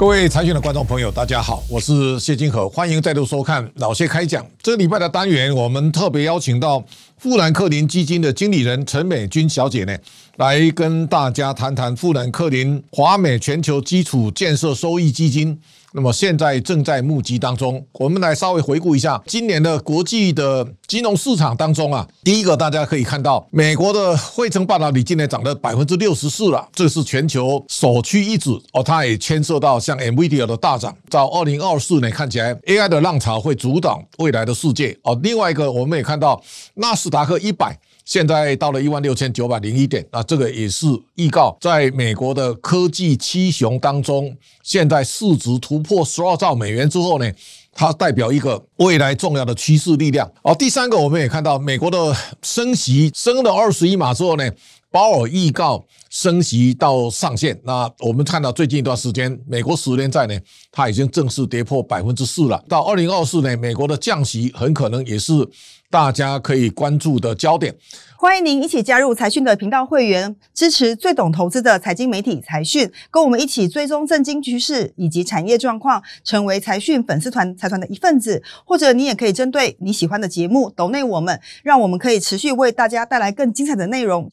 各位財經的觀眾朋友，大家好，我是謝金河，歡迎再度收看老謝開講。這禮拜的單元，我們特別邀請到富蘭克林基金的經理人陳美君小姐呢，來跟大家談談富蘭克林華美全球基礎建設收益基金。那麼現在正在募集當中。我們來稍微回顧一下今年的國際的金融市場當中啊，第一個大家可以看到，美國的費城半導體今年漲了百分之六十四了，這是全球首屈一指哦。它也牽涉到像 Nvidia 的大漲。到二零二四呢，看起來 AI 的浪潮會阻擋未來的世界哦。另外一個我們也看到那斯達克一百現在到了一萬六千九百零一點，那這個也是預告，在美國的科技七雄當中，現在市值突破十二兆美元之後呢，它代表一個未來重要的趨勢力量。而第三個我們也看到，美國的升息升了二十一碼之後呢，鮑爾預告升息到上限。那我們看到最近一段時間，美國十年債呢，它已經正式跌破百分之四了。到二零二四年，美國的降息很可能也是，大家可以關注的焦點，歡迎您一起加入財訊的頻道會員，支持最懂投資的財經媒體財訊，跟我們一起追蹤政經局勢以及產業狀況，成為財訊粉絲團財團的一份子。或者你也可以針對你喜歡的節目抖內我們，讓我們可以持續為大家帶來更精彩的內容。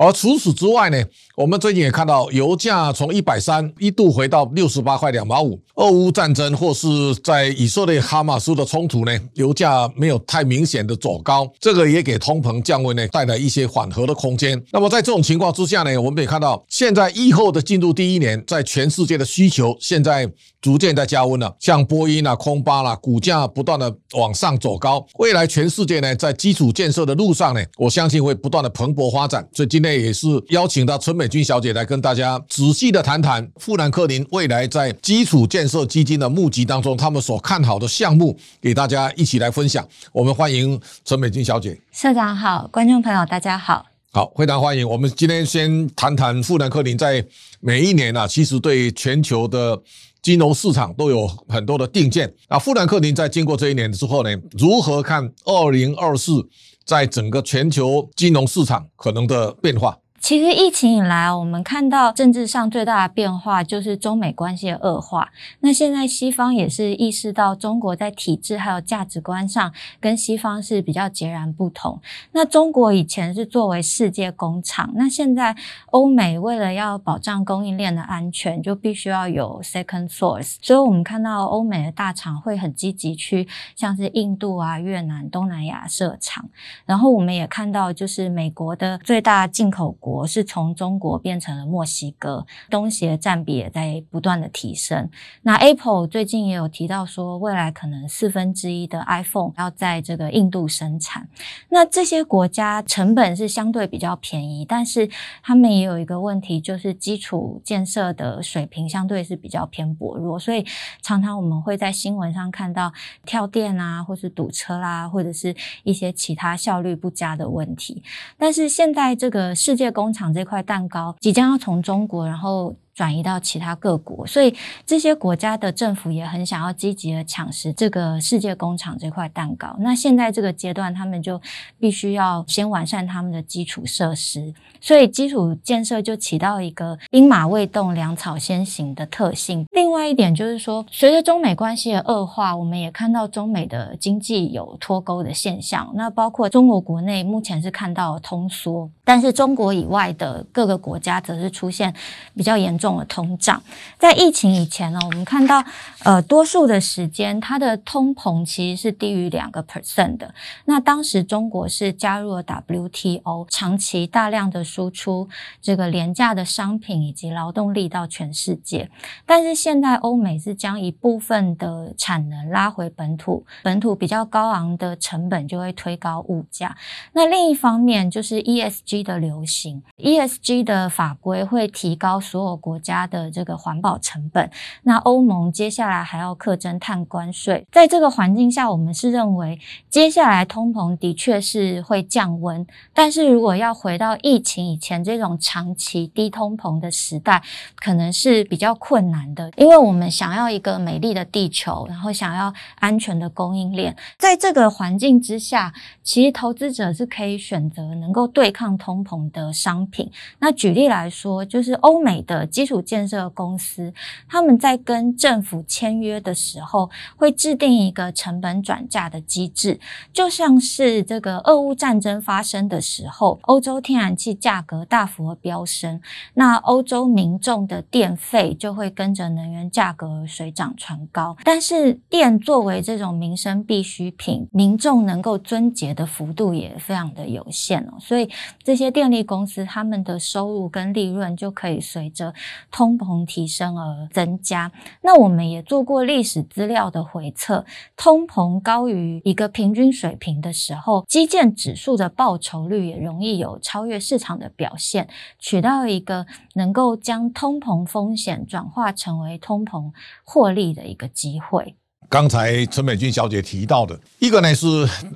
而除此之外呢，我們最近也看到油價從一百三一度回到六十八塊兩毛五。俄烏戰爭或是在以色列哈馬斯的衝突呢，油價沒有太明顯的走高，這個也給通膨降溫呢帶來一些緩和的空間。那麼在這種情況之下呢，我們也看到現在疫後的進入第一年，在全世界的需求現在逐漸在加溫了、啊，像波音啊、空巴啦、啊，股價不斷的往上走高。未來全世界呢，在基礎建設的路上呢，我相信會不斷的蓬勃發展。所以今天也是邀請到陳美君小姐來跟大家仔細的談談富蘭克林未來在基礎建設基金的募集當中，他們所看好的項目，給大家一起來分享。我們歡迎陳美君小姐。社長好，觀眾朋友大家好，好，非常歡迎。我們今天先談談富蘭克林在每一年啊，其實對全球的。金融市場都有很多的定見啊，富蘭克林在經過這一年之後呢，如何看2024在整個全球金融市場可能的變化？其實疫情以來，我們看到政治上最大的變化就是中美關係的惡化。那現在西方也是意識到中國在體制還有價值觀上跟西方是比較截然不同。那中國以前是作為世界工廠，那現在歐美為了要保障供應鏈的安全，就必須要有 second source。所以，我們看到歐美的大廠會很積極去像是印度啊、越南、東南亞設廠。然後，我們也看到就是美國的最大進口國。我是從中國變成了墨西哥，東協佔比也在不斷的提升。那 Apple 最近也有提到說，未來可能四分之一的 iPhone 要在這個印度生產。那這些國家成本是相對比較便宜，但是他們也有一個問題，就是基礎建設的水平相對是比較偏薄弱，所以常常我們會在新聞上看到跳電啊，或是堵車啦，啊，或者是一些其他效率不佳的問題。但是現在這個世界工廠這塊蛋糕即將要從中國，然後轉移到其他各國，所以這些國家的政府也很想要積極的搶食這個世界工廠這塊蛋糕。那現在這個階段，他們就必須要先完善他們的基礎設施，所以基礎建設就起到一個兵馬未動，糧草先行的特性。另外一點就是說，隨着中美關係的惡化，我們也看到中美的經濟有脫鈎的現象。那包括中國國內目前是看到通縮。但是中國以外的各個國家則是出現比較嚴重的通脹。在疫情以前呢，我們看到，呃，多數的時間它的通膨其實是低於兩個 percent 的。那當時中國是加入了 WTO，長期大量的輸出這個廉價的商品以及勞動力到全世界。但是現在歐美是將一部分的產能拉回本土，本土比較高昂的成本就會推高物價。那另一方面就是 ESG。的流行，ESG 的法規會提高所有國家的這個環保成本。那歐盟接下來還要課徵碳關稅，在這個環境下，我們是認為接下來通膨的確是會降溫，但是如果要回到疫情以前這種長期低通膨的時代，可能是比較困難的，因為我們想要一個美麗的地球，然後想要安全的供應鏈，在這個環境之下，其實投資者是可以選擇能夠對抗通。通膨的商品。那舉例來說，就是歐美的基礎建設公司，他們在跟政府簽約的時候，會製定一個成本轉嫁的機制。就像是這個俄烏戰爭發生的時候，歐洲天然氣價格大幅飆升，那歐洲民眾的電費就會跟着能源價格水漲船高。但是，電作為這種民生必需品，民眾能夠撙節的幅度也非常的有限哦。所以這。一些電力公司，他們的收入跟利潤就可以隨着通膨提升而增加。那我們也做過歷史資料的回測，通膨高於一個平均水平的時候，基建指數的報酬率也容易有超越市場的表現，取到一個能夠將通膨風險轉化成為通膨獲利的一個機會。剛才陳美君小姐提到的一個呢，是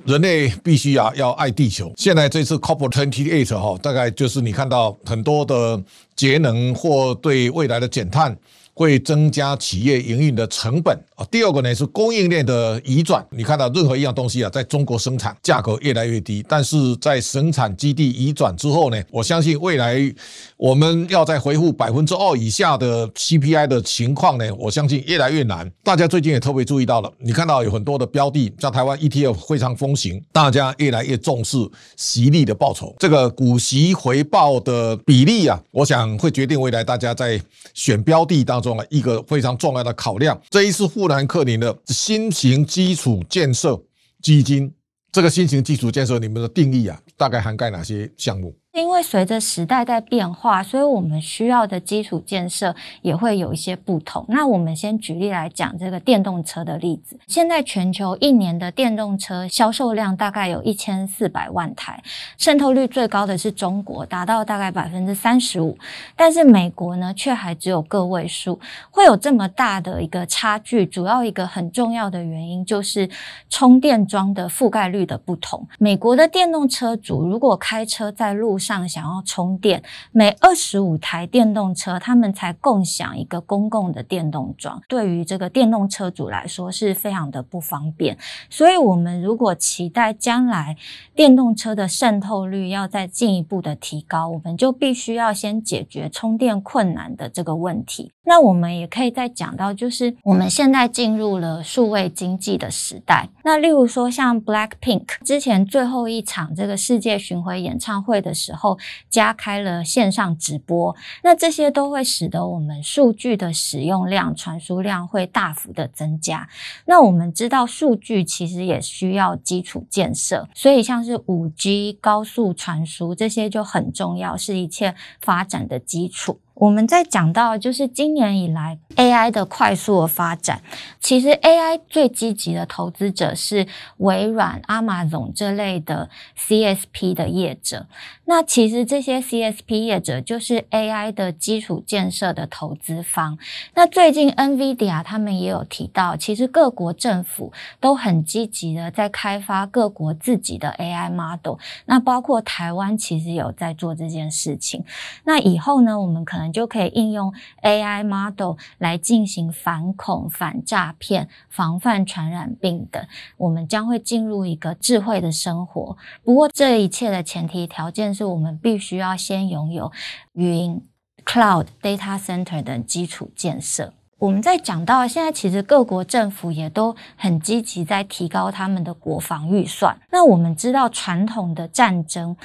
人類必須啊要愛地球。現在這次 COP28 哈，大概就是你看到很多的節能或對未來的減碳，會增加企業營運的成本。啊，第二個呢是供應鏈的移轉。你看到任何一樣東西啊，在中國生產價格越來越低，但是在生產基地移轉之後呢，我相信未來我們要再回復百分之二以下的 CPI 的情況呢，我相信越來越難。大家最近也特別注意到了，你看到有很多的標的在台灣 ETF 非常風行，大家越來越重視息利的報酬，這個股息回報的比例啊，我想會決定未來大家在選標的當中啊一個非常重要的考量。這一次復富蘭克林的新型基礎建設基金，這個新型基礎建設你們的定義啊，大概涵蓋哪些項目？因為隨着時代在變化，所以我們需要的基礎建設也會有一些不同。那我們先舉例來講這個電動車的例子。現在全球一年的電動車銷售量大概有一千四百萬台，滲透率最高的是中國，達到大概百分之三十五。但是美國呢，卻還只有個位數。會有這麼大的一個差距，主要一個很重要的原因就是充電樁的覆蓋率的不同。美國的電動車主如果開車在路上，上想要充電，每二十五台電動車，他們才共享一個公共的電動樁。對於這個電動車主來說，是非常的不方便。所以，我們如果期待將來電動車的滲透率要再進一步的提高，我們就必須要先解決充電困難的這個問題。那我們也可以再講到，就是我們現在進入了數位經濟的時代。那例如說，像 BLACKPINK 之前最後一場這個世界巡回演唱會的時候。然後加開了線上直播，那這些都會使得我們數據的使用量、傳輸量會大幅的增加。那我們知道，數據其實也需要基礎建設，所以像是 5G 高速傳輸這些就很重要，是一切發展的基礎。我們在講到就是今年以來 AI 的快速的發展，其實 AI 最積極的投資者是微軟、Amazon 這類的 CSP 的業者。那其實這些 CSP 業者就是 AI 的基礎建設的投資方。那最近 NVIDIA 他們也有提到，其實各國政府都很積極的在開發各國自己的 AI model。那包括台灣其實有在做這件事情。那以後呢，我們可能。我們就可以應用 AI model 來進行反恐、反詐騙、防範傳染病等。我們將會進入一個智慧的生活。不過，這一切的前提條件是我們必須要先擁有雲、cloud data center 等基礎建設。我們在講到現在，其實各國政府也都很積極在提高他們的國防預算。那我們知道傳統的戰爭。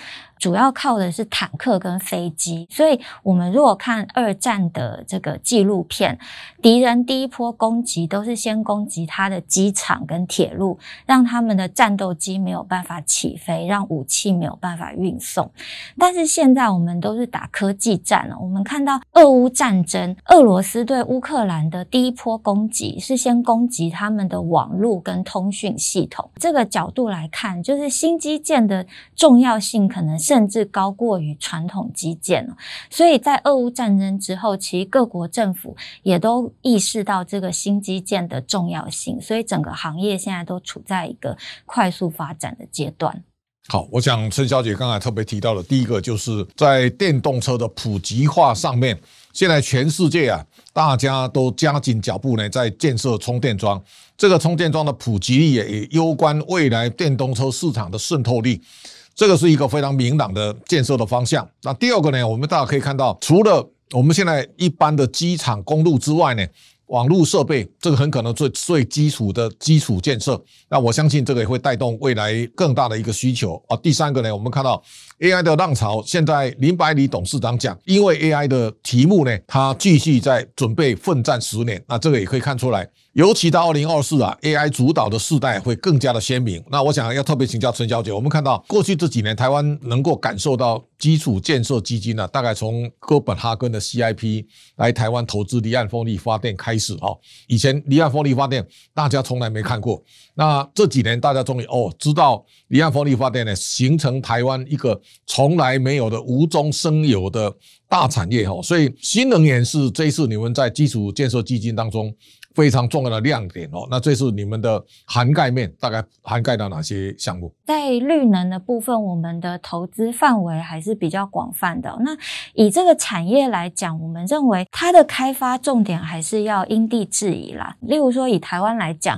主要靠的是坦克跟飛機，所以我們如果看二戰的這個紀錄片，敵人第一波攻擊都是先攻擊他的機場跟鐵路，讓他們的戰鬥機沒有辦法起飛，讓武器沒有辦法運送。但是現在我們都是打科技戰了，我們看到俄烏戰爭，俄羅斯對烏克蘭的第一波攻擊是先攻擊他們的網絡跟通訊系統。這個角度來看，就是新基建的重要性可能。甚至高過於傳統基建了，所以在俄烏戰爭之後，其實各國政府也都意識到這個新基建的重要性，所以整個行業現在都處在一個快速發展的階段。好，我想陳小姐剛才特別提到的，第一個就是在電動車的普及化上面，現在全世界啊，大家都加緊腳步呢，在建設充電樁。這個充電樁的普及率也攸關未來電動車市場的滲透力。這個是一個非常明朗的建設的方向。那第二個呢，我們大家可以看到，除了我們現在一般的機場公路之外呢，網絡設備這個很可能最最基礎的基礎建設。那我相信這個也會帶動未來更大的一個需求啊。第三個呢，我們看到。AI 的浪潮，現在林百里董事長講，因為 AI 的題目呢，他繼續在準備奮戰十年。那這個也可以看出來，尤其到二零二四啊，AI 主導的世代會更加的鮮明。那我想要特別請教陳小姐，我們看到過去這幾年台灣能夠感受到基礎建設基金呢、啊，大概從哥本哈根的 CIP 來台灣投資離岸風力發電開始啊。以前離岸風力發電大家從來沒看過，那這幾年大家終於哦知道離岸風力發電呢，形成台灣一個。從來沒有的無中生有的大產業哈，所以新能源是這一次你們在基礎建設基金當中。非常重要的亮點哦，那這是你們的涵蓋面，大概涵蓋到哪些項目？在綠能的部分，我們的投資範圍還是比較廣泛的。那以這個產業來講，我們認為它的開發重點還是要因地制宜啦。例如說，以台灣來講，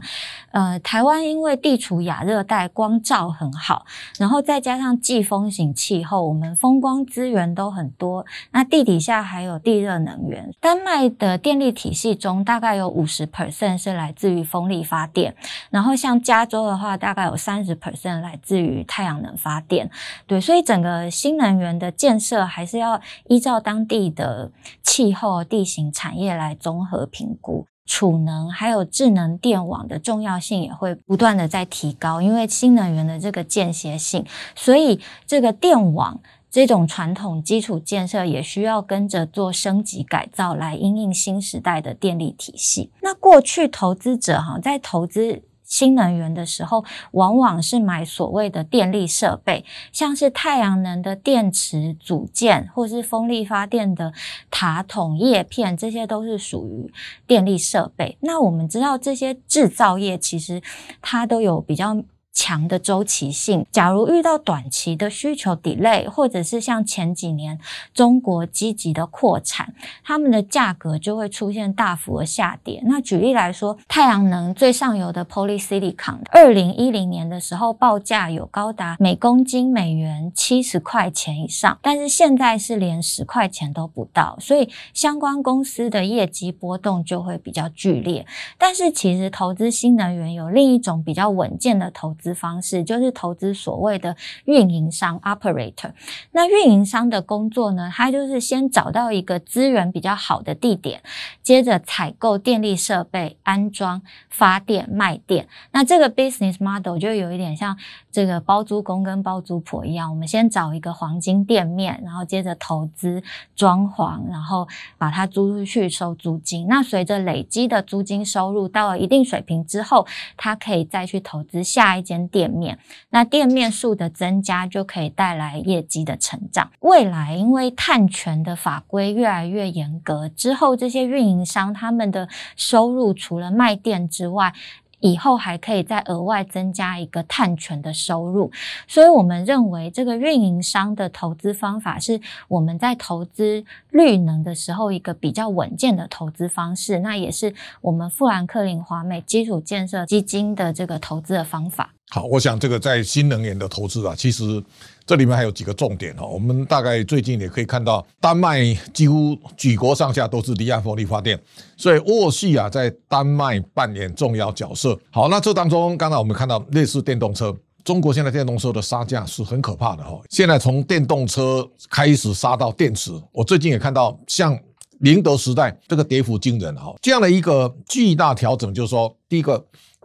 呃，台灣因為地處亞熱帶，光照很好，然後再加上季風型氣候，我們風光資源都很多。那地底下還有地熱能源。丹麥的電力體系中，大概有五十。percent 是來自於風力發電，然後像加州的話，大概有三十 percent 來自於太陽能發電。對，所以整個新能源的建設還是要依照當地的氣候、地形、產業來綜合評估。儲能還有智能電網的重要性也會不斷的在提高，因為新能源的這個間歇性，所以這個電網。這種傳統基礎建設也需要跟着做升級改造，來因應新時代的電力體系。那過去投資者哈在投資新能源的時候，往往是買所謂的電力設備，像是太陽能的電池組件，或是風力發電的塔筒、葉片，這些都是屬於電力設備。那我們知道這些製造業其實它都有比較。強的週期性，假如遇到短期的需求 delay 或者是像前幾年中國積極的擴產，他們的價格就會出現大幅的下跌。那舉例來說，太陽能最上游的 Poly Silicon，二零一零年的時候報價有高達每公斤美元七十塊錢以上，但是現在是連十塊錢都不到，所以相關公司的業績波動就會比較劇烈。但是其實投資新能源有另一種比較穩健的投資。資方式就是投資所謂的運營商 （operator）。那運營商的工作呢？他就是先找到一個資源比較好的地點，接着採購電力設備、安裝、發電、賣電。那這個 business model 就有一點像這個包租公跟包租婆一樣。我們先找一個黃金店面，然後接着投資裝潢，然後把它租出去收租金。那隨着累積的租金收入到了一定水平之後，他可以再去投資下一家，店面，那店面數的增加就可以帶來業績的成長。未來因為碳權的法規越來越嚴格，之後這些運營商他們的收入除了賣店之外，以後還可以再額外增加一個碳權的收入。所以，我們認為這個運營商的投資方法是我們在投資綠能的時候一個比較穩健的投資方式。那也是我們富蘭克林華美基礎建設基金的這個投資的方法。好，我想這個在新能源的投資啊，其實這裡面還有幾個重點哈、哦。我們大概最近也可以看到，丹麥幾乎舉國上下都是亞利用風力發電，所以沃系啊在丹麥扮演重要角色。好，那這當中剛才我們看到，類似電動車，中國現在電動車的殺價是很可怕的哈、哦。現在從電動車開始殺到電池，我最近也看到像寧德時代這個跌幅驚人哈、哦，這樣的一個巨大調整，就是說第一個。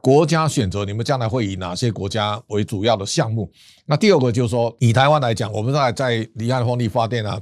國家選擇你們將來會以哪些國家為主要的項目？那第二個就是說，以台灣來講，我們現在在離岸風力發電啊、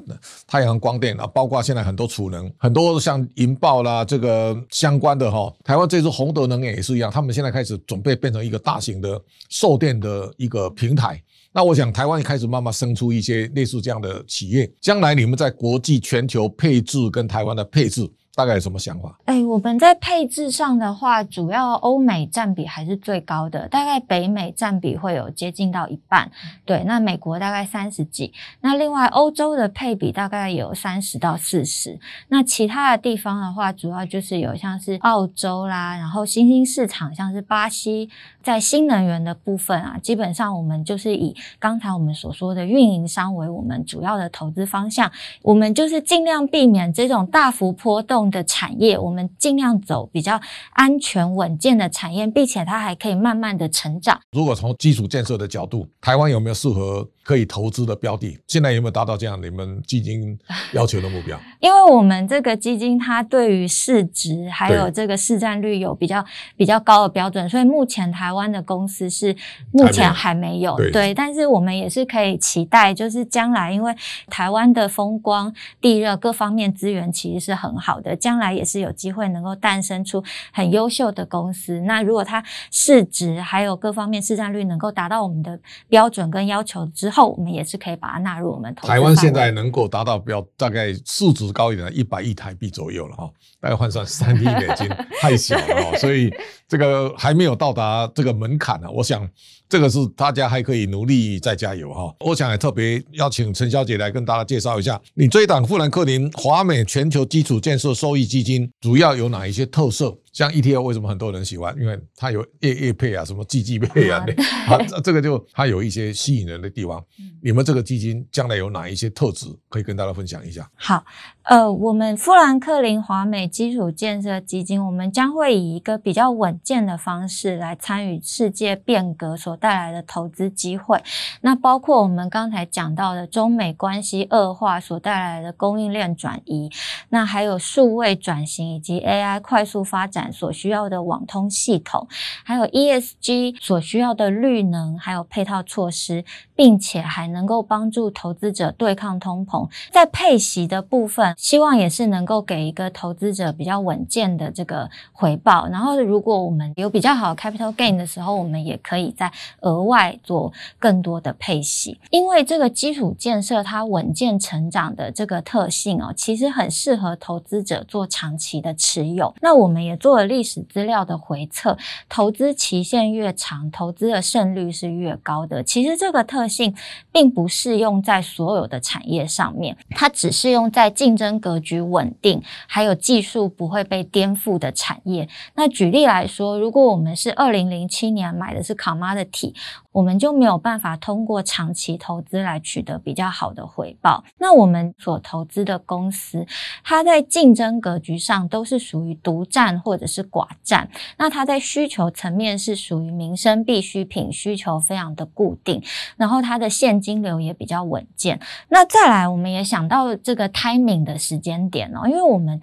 太陽光電啊，包括現在很多儲能，很多像銀豹啦這個相關的哈，台灣這次紅德能源也是一樣，他們現在開始準備變成一個大型的售電的一個平台。那我想，台灣也開始慢慢生出一些類似這樣的企業，將來你們在國際全球配置跟台灣的配置，大概有什麼想法？哎、欸，我們在配置上的話，主要歐美佔比還是最高的，大概北美佔比會有接近到一半。對，那美國大概三十幾，那另外歐洲的配比大概有三十到四十。那其他的地方的話，主要就是有像是澳洲啦，然後新興市場，像是巴西，在新能源的部分啊，基本上我們就是以剛才我們所說的運營商為我們主要的投資方向，我們就是儘量避免這種大幅波動。的產業，我們儘量走比較安全穩健的產業，並且它還可以慢慢的成長。如果從基礎建設的角度，台灣有沒有適合可以投資的標的？現在有沒有達到這樣你們基金要求的目標？ 因為我們這個基金它對於市值還有這個市占率有比較比較高的標準，所以目前台灣的公司是目前還沒有，還沒有對，對，但是我們也是可以期待，就是將來因為台灣的風光、地熱各方面資源其實是很好的。將來也是有機會能夠誕生出很優秀的公司。那如果它市值還有各方面市占率能夠達到我們的標準跟要求之後，我們也是可以把它納入我們。台灣現在能夠達到標，大概市值高一點的一百億台幣左右了哈、哦，大概換算三億美金，太小了、哦，所以這個還沒有到達這個門檻呢、啊。我想這個是大家還可以努力再加油哈、哦。我想也特別邀請陳小姐來跟大家介紹一下，你這一檔富蘭克林華美全球基礎建設收益基金主要有哪一些特色？像 ETF 為什麼很多人喜歡？因為它有業業配啊，什麼 GG 配啊,啊，那、啊、這個就它有一些吸引人的地方。你們這個基金將來有哪一些特質可以跟大家分享一下、嗯？好，呃，我們富蘭克林華美基礎建設基金，我們將會以一個比較穩健的方式來參與世界變革所帶來的投資機會。那包括我們剛才講到的中美關係惡化所帶來的供應鏈轉移，那還有數位轉型以及 A I 快速發展。所需要的網通系統，還有 ESG 所需要的綠能，還有配套措施，並且還能夠幫助投資者對抗通膨。在配息的部分，希望也是能夠給一個投資者比較穩健的這個回報。然後，如果我們有比較好的 capital gain 的時候，我們也可以再額外做更多的配息，因為這個基礎建設它穩健成長的這個特性哦，其實很適合投資者做長期的持有。那我們也做。歷史資料的回測，投資期限越長，投資的勝率是越高的。其實這個特性並不適用在所有的產業上面，它只適用在競爭格局穩定，還有技術不會被顛覆的產業。那舉例來說，如果我們是二零零七年買的是 Commodity。我們就沒有辦法通過長期投資來取得比較好的回報。那我們所投資的公司，它在競爭格局上都是屬於獨佔或者是寡佔。那它在需求層面是屬於民生必需品，需求非常的固定。然後它的現金流也比較穩健。那再來，我們也想到這個 timing 的時間點哦，因為我們。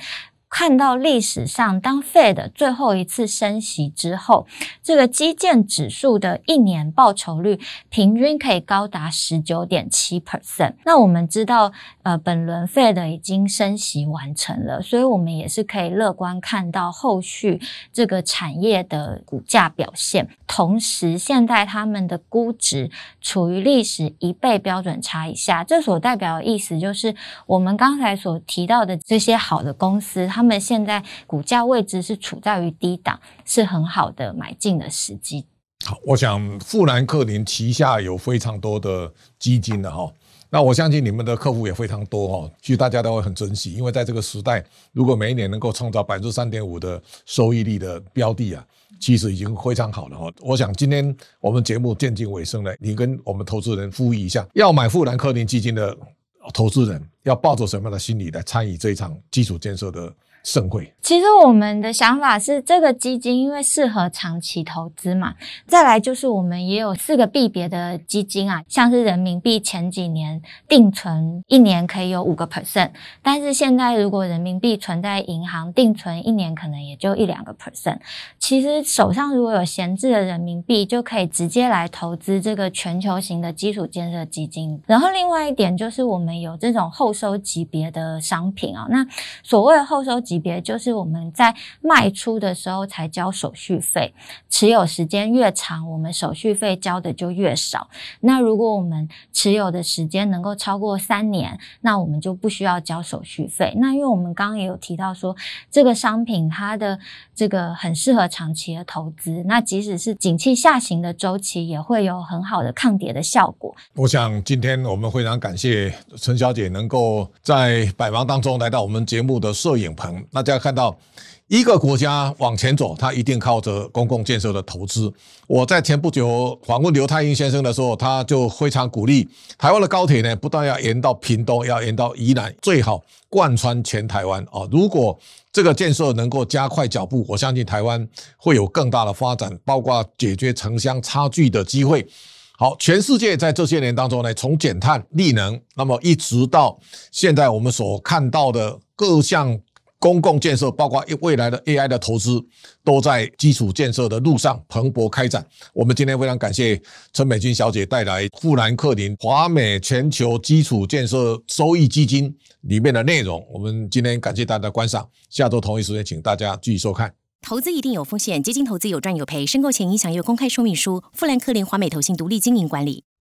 看到歷史上當 Fed 的最後一次升息之後，這個基建指數的一年報酬率平均可以高達十九點七 percent。那我們知道，呃，本輪 Fed 已經升息完成了，所以我們也是可以樂觀看到後續這個產業的股價表現。同時，現在他們的估值處於歷史一倍標準差以下，這所代表的意思就是我們剛才所提到的這些好的公司，它。他們現在股價位置是處在於低檔，是很好的買進的時機。好，我想富蘭克林旗下有非常多的基金的、啊、哈，那我相信你們的客戶也非常多，其實大家都會很珍惜，因為在這個時代，如果每一年能夠創造百分之三點五的收益率的標的啊，其實已經非常好了哈。我想今天我們節目漸近尾聲了，你跟我們投資人呼籲一下，要買富蘭克林基金的投資人要抱着什麼樣的心理來參與這一場基礎建設的？盛會。其實我們的想法是，這個基金因為適合長期投資嘛，再來就是我們也有四個幣別的基金啊，像是人民幣前幾年定存一年可以有五個 percent，但是現在如果人民幣存在銀行定存一年可能也就一兩個 percent。其實手上如果有閒置的人民幣，就可以直接來投資這個全球型的基礎建設基金。然後另外一點就是我們有這種後收級別的商品啊，那所謂的後收級。級別就是我們在賣出的時候才交手續費，持有時間越長，我們手續費交的就越少。那如果我們持有的時間能夠超過三年，那我們就不需要交手續費。那因為我們剛剛也有提到說，這個商品它的這個很適合長期的投資。那即使是景氣下行的周期，也會有很好的抗跌的效果。我想今天我們非常感謝陳小姐能夠在百忙當中來到我們節目的攝影棚。大家看到一個國家往前走，它一定靠着公共建設的投資。我在前不久訪問劉泰英先生的時候，他就非常鼓勵台灣的高鐵呢，不但要延到屏東，要延到宜蘭，最好貫穿全台灣啊！如果這個建設能夠加快腳步，我相信台灣會有更大的發展，包括解決城鄉差距的機會。好，全世界在這些年當中呢，從減碳、綠能，那麼一直到現在我們所看到的各項。公共建設包括未來的 AI 的投資，都在基礎建設的路上蓬勃開展。我們今天非常感謝陳美君小姐帶來富蘭克林華美全球基礎建設收益基金裡面的內容。我們今天感謝大家觀賞，下周同一時間請大家繼續收看。投資一定有風險，基金投資有賺有賠，申購前應詳閱公開說明書。富蘭克林華美投信獨立經營管理。